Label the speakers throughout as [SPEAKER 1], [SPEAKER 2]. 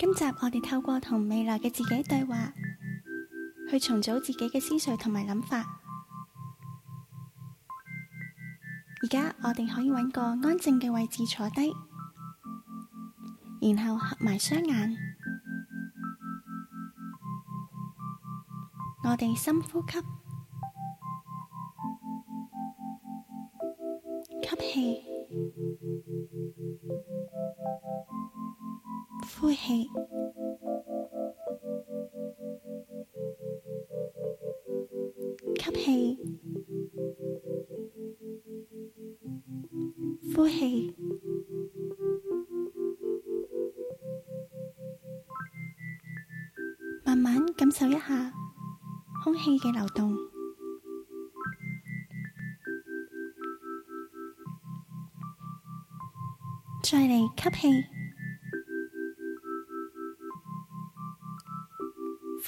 [SPEAKER 1] 今集我哋透過同未來嘅自己對話，去重組自己嘅思緒同埋諗法。而家我哋可以搵個安靜嘅位置坐低，然後合埋雙眼，我哋深呼吸。呼氣，吸氣，呼氣，慢慢感受一下空氣嘅流動，再嚟吸氣。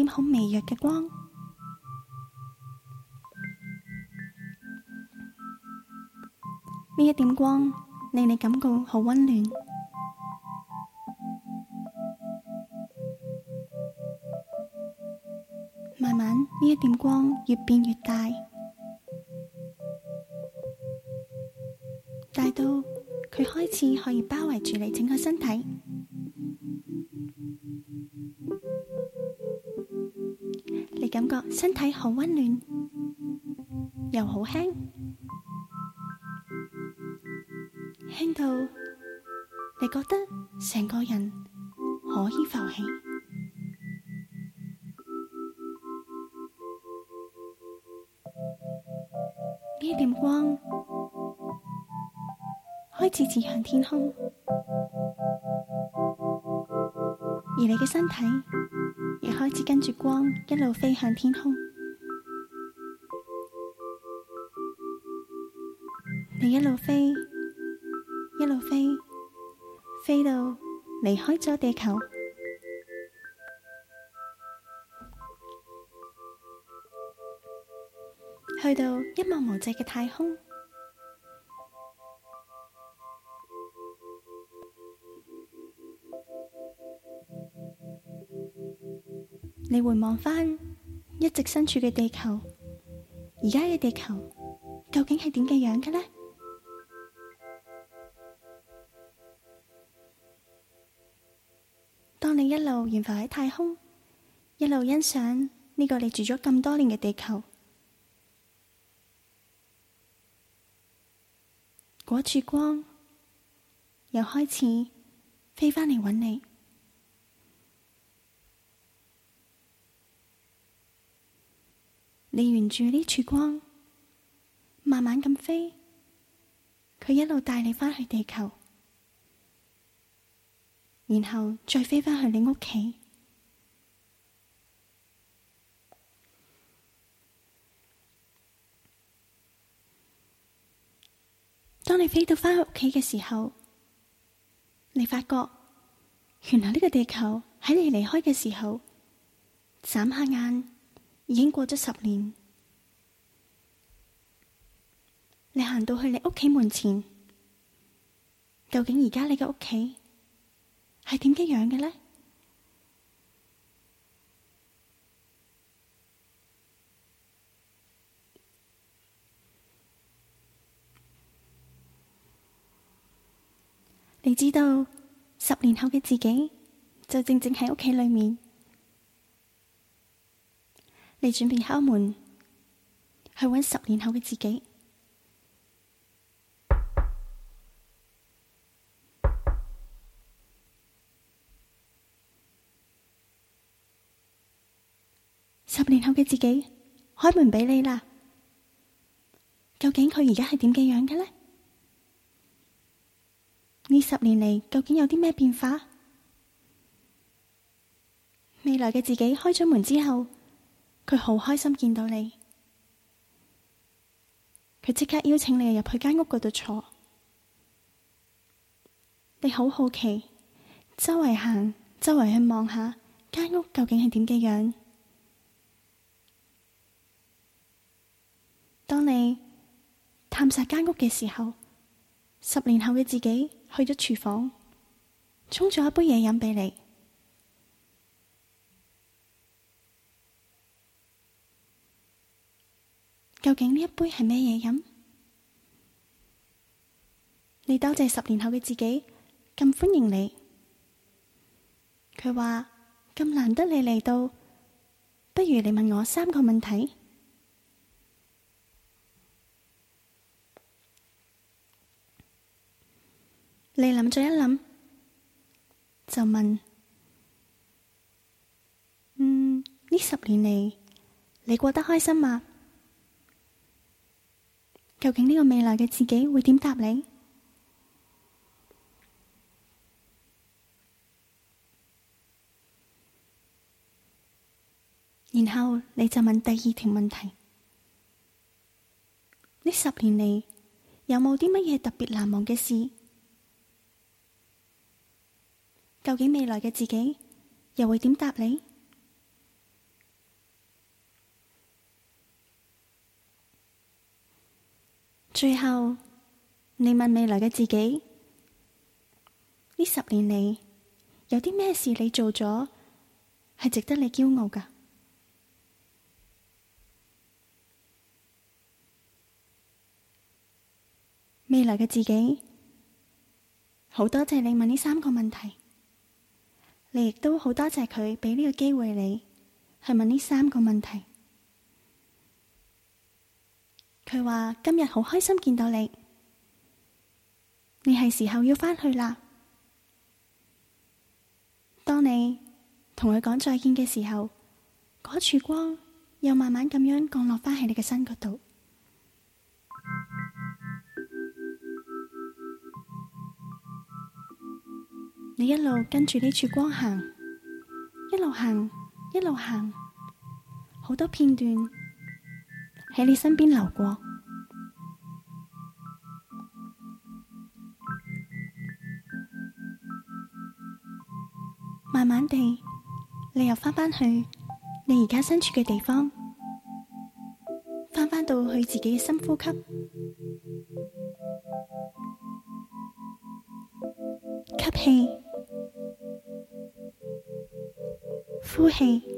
[SPEAKER 1] 一點好微弱嘅光，呢一點光令你感覺好溫暖。慢慢，呢一點光越變越大，大到佢開始可以包圍住你整個身體。身體好溫暖，又好輕，輕到你覺得成個人可以浮起。呢一點光開始指向天空，而你嘅身體。亦開始跟住光，一路飛向天空。你一路飛，一路飛，飛到離開咗地球，去到一望無際嘅太空。你回望返一直身處嘅地球，而家嘅地球究竟係點嘅樣嘅呢？當你一路懸浮喺太空，一路欣賞呢個你住咗咁多年嘅地球，嗰處光，又開始飛返嚟搵你。你沿住呢處光，慢慢咁飛，佢一路帶你返去地球，然後再飛返去你屋企。當你飛到返屋企嘅時候，你發覺原來呢個地球喺你離開嘅時候，眨下眼。已經過咗十年，你行到去你屋企門前，究竟而家你嘅屋企係點嘅樣嘅呢？你知道十年後嘅自己就正正喺屋企裏面。你準備敲門去搵十年後嘅自己。十年後嘅自己，開門俾你啦。究竟佢而家係點嘅樣嘅呢？呢十年嚟，究竟有啲咩變化？未來嘅自己，開咗門之後。佢好開心見到你，佢即刻邀請你入去間屋嗰度坐。你好好奇，周圍行，周圍去望下間屋究竟係點嘅樣。當你探索間屋嘅時候，十年後嘅自己去咗廚房，沖咗一杯嘢飲俾你。究竟呢一杯係咩嘢飲？你多謝十年後嘅自己咁歡迎你。佢話咁難得你嚟到，不如你問我三個問題。你諗咗一諗，就問：嗯，呢十年嚟，你過得開心嗎？究竟呢個未來嘅自己會點答你？然後你就問第二條問題：呢十年嚟有冇啲乜嘢特別難忘嘅事？究竟未來嘅自己又會點答你？最後，你問未來嘅自己，呢十年嚟有啲咩事你做咗係值得你驕傲噶？未來嘅自己，好多謝你問呢三個問題，你亦都好多謝佢俾呢個機會你去問呢三個問題。佢話今日好開心見到你，你係時候要返去啦。當你同佢講再見嘅時候，嗰處光又慢慢咁樣降落返喺你嘅身嗰度。你一路跟住呢處光行，一路行，一路行，好多片段。喺你身邊流過，慢慢地，你又翻返去你而家身處嘅地方，翻返到去自己嘅深呼吸，吸氣，呼氣。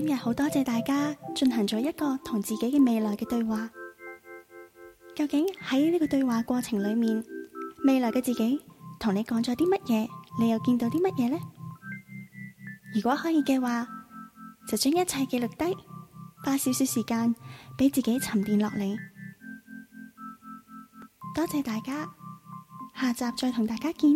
[SPEAKER 1] 今日好多謝大家進行咗一個同自己嘅未來嘅對話。究竟喺呢個對話過程裏面，未來嘅自己同你講咗啲乜嘢？你又見到啲乜嘢呢？如果可以嘅話，就將一切記錄低，花少少時間俾自己沉澱落嚟。多謝大家，下集再同大家見。